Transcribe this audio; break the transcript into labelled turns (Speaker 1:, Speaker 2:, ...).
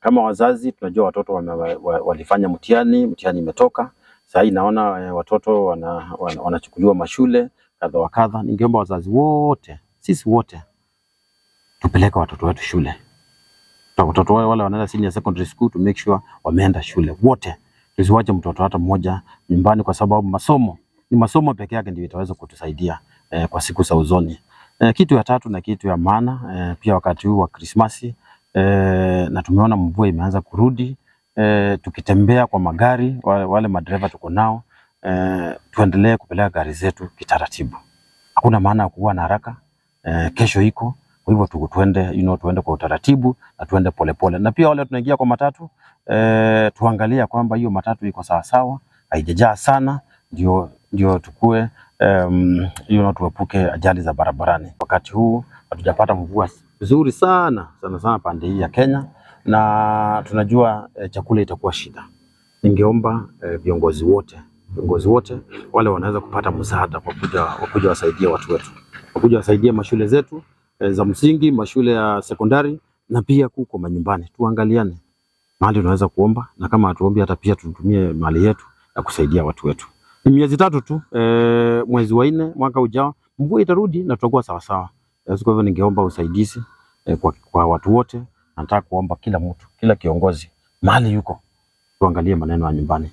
Speaker 1: Kama wazazi tunajua watoto wame, walifanya mtihani, mtihani imetoka sasa hii, naona eh, watoto wanachukuliwa wana, wana, mashule kadha wa kadha. Ningeomba wazazi wote, sisi wote tupeleke watoto wetu shule, Kwa watoto wao wale wanaenda senior secondary school to make sure wameenda shule wote, tusiwache mtoto hata mmoja nyumbani, kwa sababu masomo ni masomo pekee yake ndio itaweza kutusaidia eh, kwa siku za uzoni. Eh, kitu ya tatu na kitu ya maana eh, pia wakati huu wa Krismasi e, na tumeona mvua imeanza kurudi e, tukitembea kwa magari wale, wale madereva tuko nao e, tuendelee kupeleka gari zetu kitaratibu. Hakuna maana ya kuwa na haraka e, kesho iko kwa hivyo tuende, you know, tuende kwa utaratibu na tuende polepole pole. Na pia wale tunaingia kwa matatu e, tuangalia kwamba hiyo matatu iko sawasawa, haijajaa sana ndio, ndio tukue um, you know, tuepuke ajali za barabarani. Wakati huu hatujapata mvua
Speaker 2: vizuri sana sana sana pande hii ya Kenya, na tunajua eh, chakula itakuwa shida. Ningeomba eh, viongozi wote viongozi wote wale wanaweza kupata msaada kwa kuja kuja wasaidie watu wetu, kuja wasaidie mashule zetu eh, za msingi, mashule ya sekondari na pia kuko manyumbani, tuangaliane mali tunaweza kuomba, na kama hatuombi hata pia tutumie mali yetu ya kusaidia watu wetu. Ni miezi tatu tu, eh, mwezi wa nne mwaka ujao mvua itarudi na tutakuwa sawasawa. Eh, kwa hivyo ningeomba usaidizi eh, kwa, kwa watu wote. Nataka kuomba kila mtu, kila kiongozi mahali yuko, tuangalie maneno ya nyumbani.